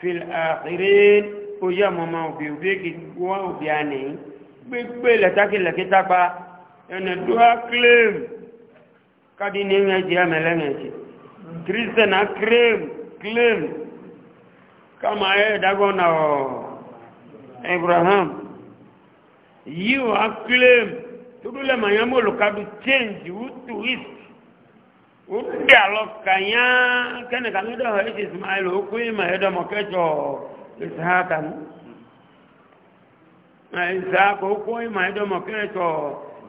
fil àkìrí ó yẹ mọ̀mọ́ òbí òbí kì wọ́n òbí àná gbégbé do a claim. dúró kílèm káàdì ní ẹ̀yìn ẹ̀jẹ̀ ẹ̀mẹ̀lẹ́yìn ẹ̀jẹ̀ kírísítẹ̀nà claim. kílèm kama ẹ̀ dágbọ́n náà ibrahim yíò á kílèm tó dúró lẹ́mọ̀ yẹn mọ́ olùkadù change who to east ndị alọkanya kene ka medo esi ismail okwu ịma ma edomokejọ ishaka ishaka okwu ịma ma edomokejọ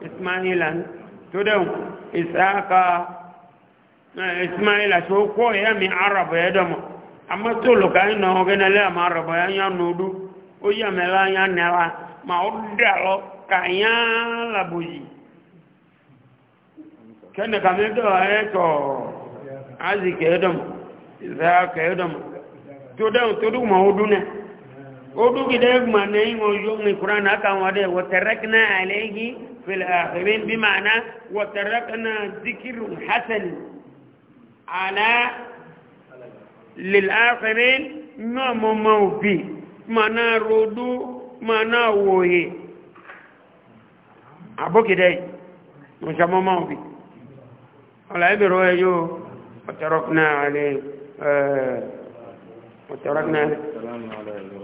ismail todeu ishaka ismail ati okwu ya mi arab edomo amma tolo ka ina ogene le ma arab ya nya nudu oyi ya mela nya nela ma o dalo kanya labuji kẹ́nì kàmídọ̀ ẹ̀ẹ́tọ̀ áàzì kẹ́ẹ̀dọ̀m ìzáà kẹ́ẹ̀dọ̀m tó dẹ̀hùn tó dùn mọ́ ọdún náà ọdún kìdẹ́ gbọ̀n ní ìwọ̀n yóò ní kúrò náà káwọn dẹ̀ wọ̀tẹ̀rẹ́kìnà àlẹ́yìn fìlẹ̀ àkẹ́rẹ́ bí màánà wọ̀tẹ̀rẹ́kìnà zikiru hasan àlá lìláàkẹ́rẹ́ náà mọ́ mọ́ òbí màánà ròdú màánà wòye àbókìdẹ́ mọ̀ṣàmọ́ mọ́ òbí. ولا يبروا يجو وتركنا عليه وتركنا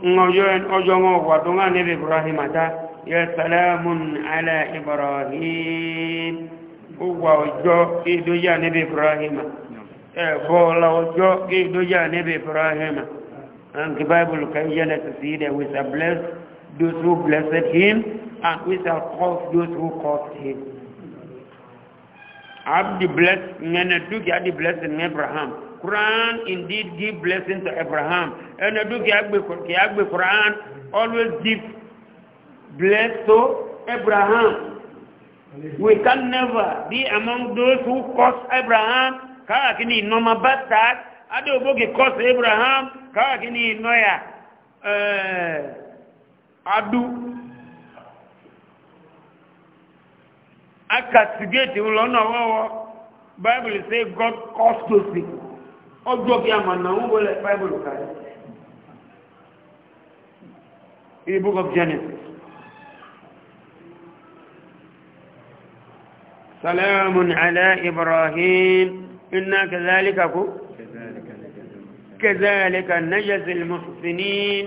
عليه أجمع وضمان إبراهيم تا يا سلام على إبراهيم هو جو إدوجا نبي إبراهيم فولا جو إدوجا نبي إبراهيم and the Bible can hear us see that we shall bless those who blessed him and we shall curse those who cursed him Abdi bless Neneduki Abdi blessing Abraham. Quran indeed give blessing to Abraham. Eneduki Abdi Quran always give bless to Abraham. We can never be among those who curse Abraham. Kakini Noma Batak. Adi Obogi curse Abraham. Kakini Noya. Eh, adu akastigate lọ́nà wọ́wọ́ bible say god caused to people ọjọ́ kí a mọ̀ náà ń wọlé bible kàrí in the book of genesis salamun ala ibrahim inna kazalika ku kazalika najazil muhsinin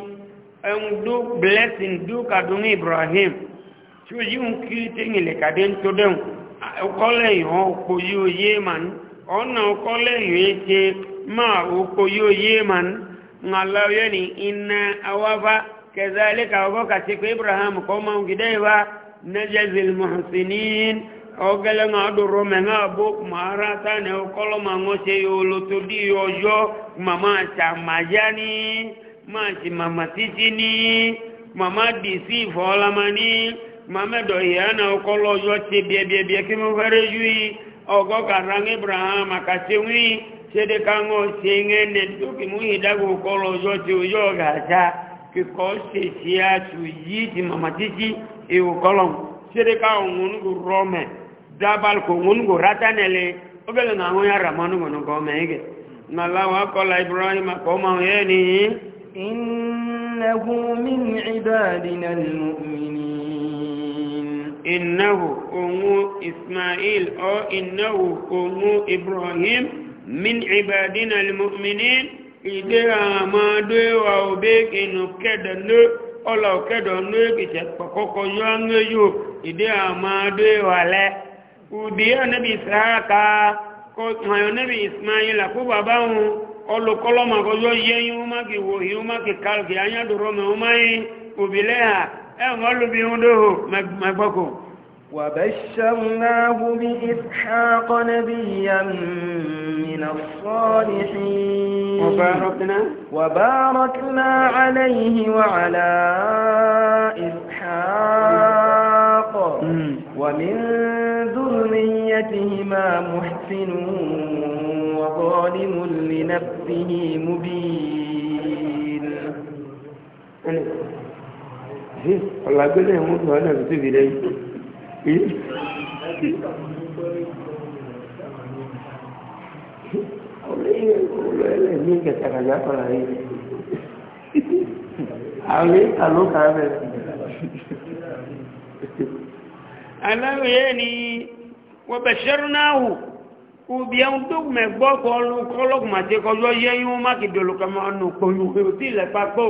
and do blessing do kadun ibrahim tí ó yí ń kí tíyìn lè kàdé ń tó dẹ̀un ọkọ́ lẹ́yìn ọkọ̀ yíò yé ma ń ọ̀nà ọkọ́ lẹ́yìn ẹ ti máa ọkọ̀ yíò yé ma ń ma lọ́yẹ́ ni iná awáfá kẹsà ẹlẹ́ka ọgọ́ kàti pé ibrahim kọ́ máa ń gidẹ́ ìwá nẹ́jẹ́sìl mọ̀sìnín ọgẹ́lẹ́ máa dòrò mẹ́ngà bó màárá sáni ọkọ́ lọ́ máa ń ṣe yọ̀ọ̀lọ́ tó dí ọjọ́ màmá ṣàmàyá ni máa mamedo yana okolo yo ti bie bie bie ki mo fere yui ogo karang ibrahim akachiwi sede kango singe ne tu ki mu hidago okolo yo ti yo gacha ki ko se sia tu yi ti mama titi e okolo sede ka ngun gu rome dabal ko ngun ratanele ogele na ngo ya ramanu ngono ibrahim ko ma yeni innahu min ibadina almu'minin إنه أمو إسماعيل أو إنه أمو إبراهيم من عبادنا المؤمنين إذا ما دوا وبيك إنه كدنو أو كدنو كتبقوكو يوانيو إذا ما دوا له وديا نبي سهاكا kọ̀ọ̀yọ̀ níbi ismail àkóbà bá wọn ọlọ́kọ́lọ́mà kọjọ́ yẹ́yìn ó má kí wòhí ó má kí kálùkì ayádùrọ́mẹ̀ ó má yí òbílẹ̀ ẹ̀wọ̀n lóbi ohun وبشرناه بإسحاق نبيا من الصالحين وباركنا وباركنا عليه وعلى إسحاق ومن ذريتهما محسن وظالم لنفسه مبين ọ̀làgbélé ìwọ̀n tó ọ̀nà tó tóbi rẹ̀ yìí ọ̀lẹ́yìn olú ẹlẹ́mí kẹtàkàjà kọ̀ọ̀lá yìí àwọn ìkàlù kan bẹ̀rẹ̀ aláwòye ni wọ́n bẹ̀ ṣẹ́rú náà wù ubi ẹ̀hún tó mẹ́gbọ́ kọ́ ọlọ́kùnmàtẹ́kọ́ yọ yẹ́yún mákìdọ̀lùkọ́mọ́ ọ̀nà òpòlù tí ilẹ̀ papọ̀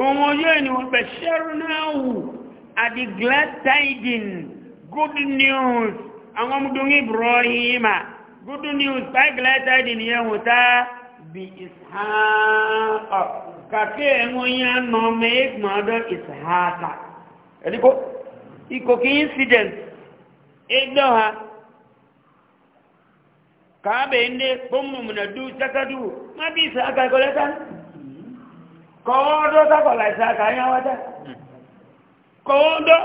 Òun yóò ni wọ́n bẹ̀ ṣẹ́rù náà wù at glad tidings, good news, àwọn ọmọdún Ibrahima, good news, by glad tidings yẹn wò tá bí ìsáàkà. Kàkẹ́ ẹ̀wọ̀n yẹn nà ọmọ ẹgbọ̀n ọdọ́ ìsáàkà. Ẹ̀díkó, ìkòkí incident, ẹgbẹ́ ha, kàábẹ̀ ndé, bọ́mùmùnà dú, sákàdú, má bí ìsáàkà kọ́lẹ́ta. kọ́ọ́dọ́ sákọ̀lá ìsáka yán wájá kọ́ọ́dọ́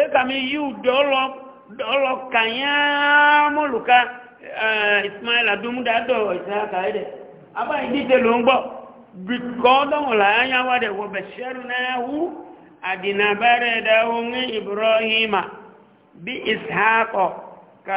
ẹ́kàmí ismail adúmúdádọ̀ ìsáka ẹ̀dẹ̀ abá ìdíje ló ń gbọ́ kọ́ọ́dọ́ wọ̀lá yán wájá wọ bẹ̀ṣẹ́rù ibrọ hú àdìnàbẹ̀rẹ̀ dáwọ́ ka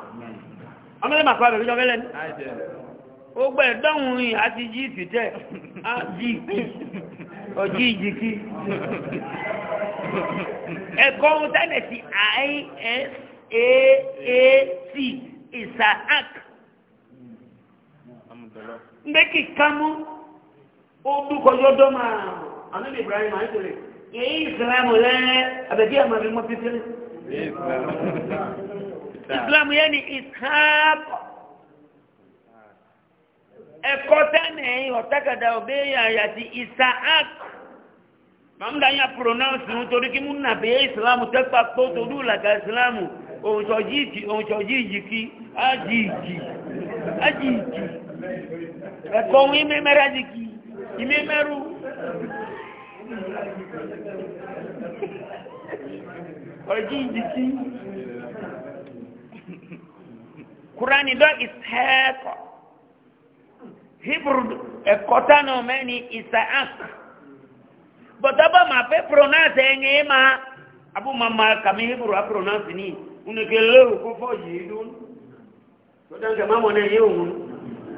ọmọdé màkà rẹ̀ lójọ́ fẹ́lẹ́ ní ó gbẹ̀ dọ́hùn yìí àti jí ìfìtẹ́ ọjí ìjìkí ẹ̀kọ́ ohun tẹ́lẹ̀ sí isaac isaac mbẹ́kì kámú ó dúkọ yọ́dọ́ máa ànábì ibrahim àìsèrè èyí ìsìlámù lẹ́rẹ́ àbẹ̀bí àmàbí mọ́ títí islam yẹn ni ẹ̀kọ́ tẹ́nẹ̀ ọ̀tàkàdà òbí yàyà ti ishaq màmúdà yẹn pronounce ń torí kí mú nàbí islam tẹ́pà kó torí ìlàgà islam òǹṣọ̀jì ìjìkí ájì ìjì ájì ìjì ẹ̀kọ́ ohun ìmẹ́mẹ́rẹ́ àjìkí ìmẹ́mẹ́rú ọ̀jì ìjìkí. Qur'ani do Ishaq Hebrew ekotano eh, meni Isaac but aba ma pe pronounce enge ma abu mama kami Hebrew a pronounce ni unegele ko fo yidun to dan ke mama ne yewun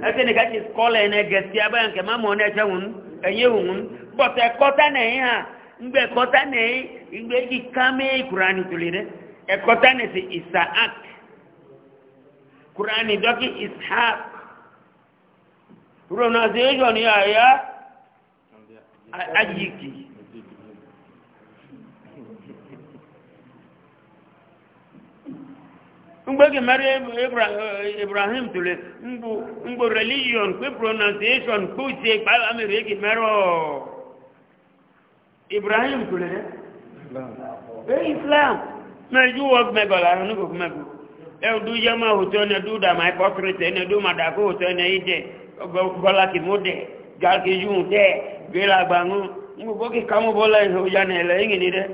ake e ne ka ti scholar ne gesti aba nke mama ne chawun eyewun but ekotano eh, e ha ngbe ekotano e ngbe ji kame Qur'ani tulire ekotano si Isaac kurani dɔki ishaq pronunciation ya ya ajiki ngbegi mari ibrahim tule ngbo ngbo religion kwe pronunciation kwe se gba amere egi mero ibrahim tule islam mẹjú wọ́n mẹgbàlá ẹnu kò fún mẹgbàlá ẹ̀dù yẹmọ̀ òtò ẹni ẹ̀dù dàmà ipọ́kìrìtẹ̀ ẹni ẹ̀dù màdàkó òtò ẹni ẹ̀dẹ̀ gọ́lákì múdẹ̀ gàkìjú dẹ̀ gbélàgbàmú gbogbo kíkàmú bọ́lá ìhòyànẹ̀lẹ̀ yìnyìn rẹ̀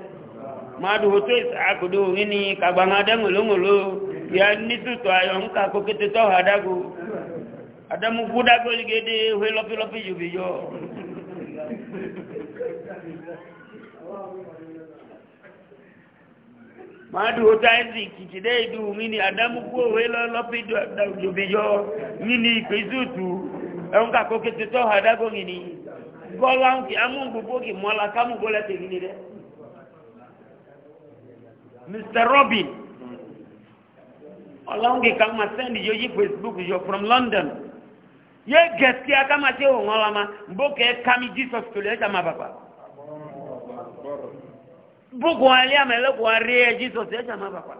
máàdù òtò ìsàkùdù ní kàgbàmú maadu hotaezi kitide idu mini adamu kuo welo lopidu jubijo mini ikizutu eunga kokete to hadago ngini gola unki amungu bogi mwala kamu gola tegini de Mr. Robin ọlọ́ngi kan ma send yóò yí facebook yọ from london kami jesus buku ali amele kuarie jesus eja mabapa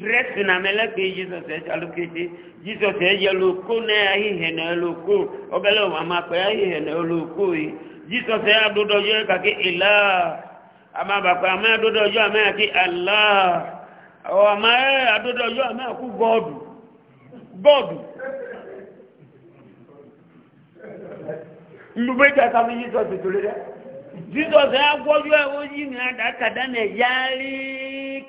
dress na amele ke jesus eja lukiti jesus eja loko ne ahihe na loko obele amakpa mape ahihe na loko yi jesus eja dodo je ka ki ila ama bapa ama dodo jo ama ki allah o ama e, adodo jo ama ku god god ka ka mi jesus tulire jesus ya gwọjọ ẹwọ yìí ní àdákàdá nà yáárí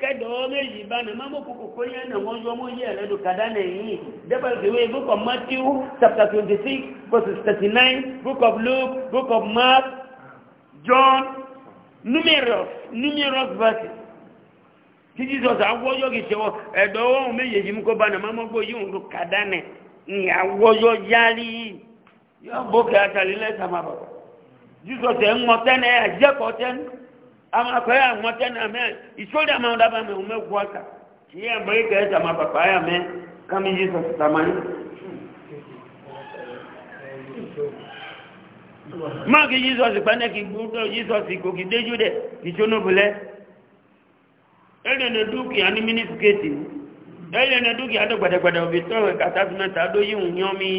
kẹdọ méjì bá nà mọ́mọ́ kòkò kó yẹn nà wọ́n yọmọ yẹ ẹ̀lẹ́dọ̀ kàdá nà yìí dẹ́pẹ̀lú ìwé book of matthew chapter twenty six verse thirty nine book of luke book of mark john numerous numerous verses tí jesus agwọjọ kì í ṣe wọ ẹdọ ọhún méjèèjì mú kó bá nà mọ́mọ́ gbó yìí ń lo kàdá nà ní agwọjọ yáárí yọ bókè àtàlílẹ̀ sàmàbọ̀ jesus ẹ̀ ń mọ tẹ́nà ẹ̀ àjẹkọ̀ tẹ́nà àwọn akọ̀yà ń mọ tẹ́nà mẹ́ ìṣòdì àmọ́ ọ̀dà bá mi ò mẹ́kù ọ̀tà kì í ẹ̀mọ́ ìkẹ́ ẹ̀sà máa pàpà yà mẹ́ kámi jesus tàmáyé. máa kí jesus pẹ́ẹ́nẹ́ kí gbúdọ̀ jesus kò kì déjú dẹ̀ kì sónúbulẹ̀ ẹ̀rẹ̀nẹ̀ dúkìá ní mínísíkẹ́tì ẹ̀rẹ̀nẹ̀ dúkìá tó gbẹ̀dẹ̀gbẹ̀dẹ̀ òbí sọ̀rọ̀ kàtàkùnmẹ́ta lóyún yánmí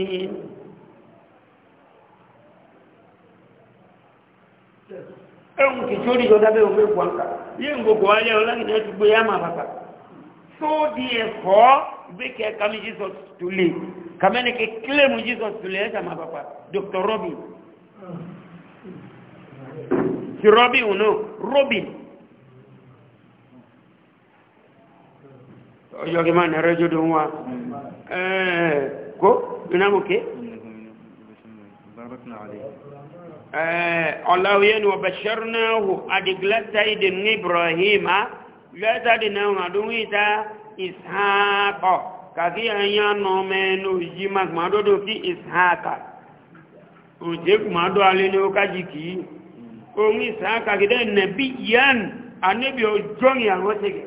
ẹ̀hùn kìtìórì yọ dábẹ́ òfin ìpò àǹkà yíò gbogbo ayé ọlọ́gìn náà ti gbé yá máa bàbà so di ẹ̀fọ́ gbékẹ́ kàmí jesus tulè kàmẹ́nìkẹ́ kílẹ̀mù jesus tulè ẹ̀ta máa bàbà dr robin ti robin ò náà robin ọjọ́ kí máa nàrẹ́ jọ́dọ̀ wọn ẹ̀ẹ́ kó iná mú ké. باركنا عليه ọ̀làwọ̀ eh, yẹn ni wọ́n bẹ̀ ṣẹ́rù náà hù àdìgílẹ́ta ìdè ní ibrahim lẹ́tà dì náà wọn àdúgbò ìta ìsáàkọ̀ kàkí ẹ̀yà nọ́mẹ́nu yìí máa kùmà dọ́dọ̀ kí ìsáàkà òjé kùmà dọ́ alẹ́ ní ó kájì kì í òun ìsáàkà kìdẹ́ nẹ̀bí yẹn ànẹ́bí ọjọ́ ìyàwó ṣẹ̀gẹ̀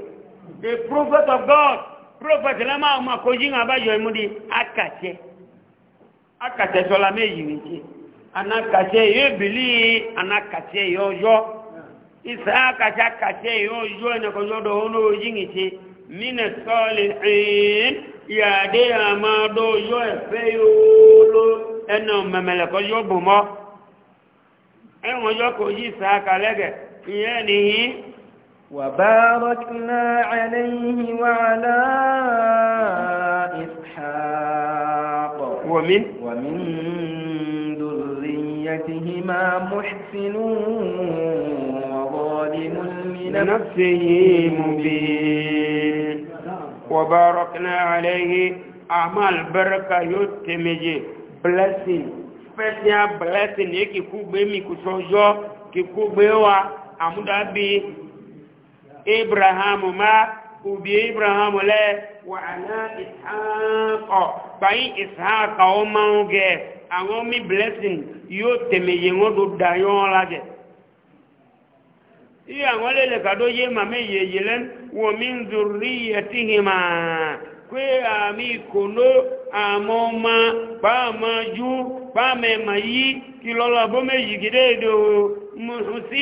the prophet of god prophet lẹ́mọ̀ àwọn akọ́jú ìhàn ìmúdi akàtẹ́ akàtẹ́ sọlá méjì nìyí. anakatse yóò bìlí anakatse yóò yọ isa kacha katse yóò yọ ẹnìkọjọ dọ wọn yóò yí nìtse mínà sọọlì yo yọ ẹfẹ yóò ló ẹnà mẹmẹlẹkọ yóò bò mọ ẹwọn yọ kò وباركنا عليه وعلى إسحاق ومن ومن زوجتهما محسن وظالم لنفسه مبين وباركنا عليه أعمال بركة يتمجي blessing special blessing ye kikugbe mi kusojo kikugbe wa amudabi ibrahim ma ubi ibrahim le wa ala ishaq bayi ishaq o ma ge àwọn mi blessing yóò tẹ̀mẹ̀yẹ wọn tó dayọ́ wọn lájẹ̀ tí àwọn lẹ́lẹ̀ kàdó yé màmí yèyè lẹ́n wọ́n mi ń zorí ẹtí hìmà pé àmì ìkòló àmọ́ ọmọ pàmò jú pàmò ma yí kí lọ́lọ́ abómẹ́yì gidé èdè o mùsùlùmí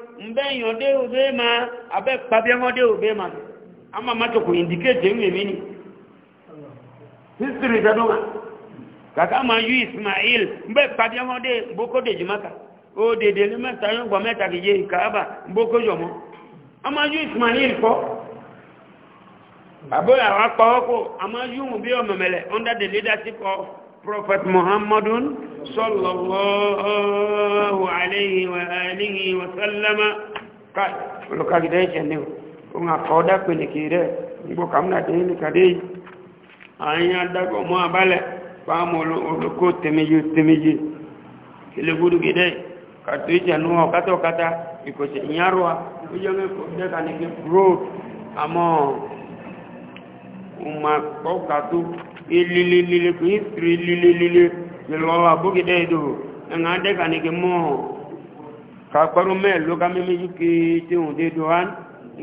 mbeyin ode ube ma abe kpabian ode ube ma ama ma to ko indicate enwe mini history da kaka ma yu ismail mbe kpabian ode boko de jimaka o de de le meta yo gbo meta ki ye kaaba boko yo ama yu ismail ko abo ya wa pa ko ama yu mu bi o memele under the leadership of prophet muhammadun sallallahu alayhi wa alihi wa sallama kai oloka gida yake ne kun akoda kwene kire ngbo kamna de ni kade anya dago mo abale pamolo oloko temeji temeji kile gudu gide katu ija nuwa kato kata iko se nyarwa ujonge ko de kanike road amo uma kokatu ilililili kò ìsìrì ilililili ìlọ́la bókìdẹ́ ìdò ẹ̀nà adẹ́kànìkì mọ́ kàkọ́rọ́ mẹ́lú ká mímí jù kí tí òun dé dùn án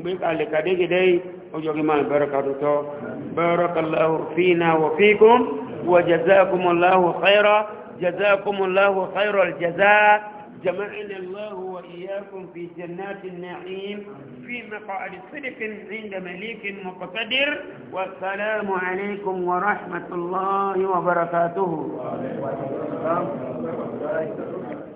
gbé kalẹ̀ kàdékìdẹ́ ọjọ́ kí máa bẹ̀rẹ̀ kàtútọ́ جمعنا الله وإياكم في جنات النعيم في مقعد صدق عند مليك مقتدر والسلام عليكم ورحمة الله وبركاته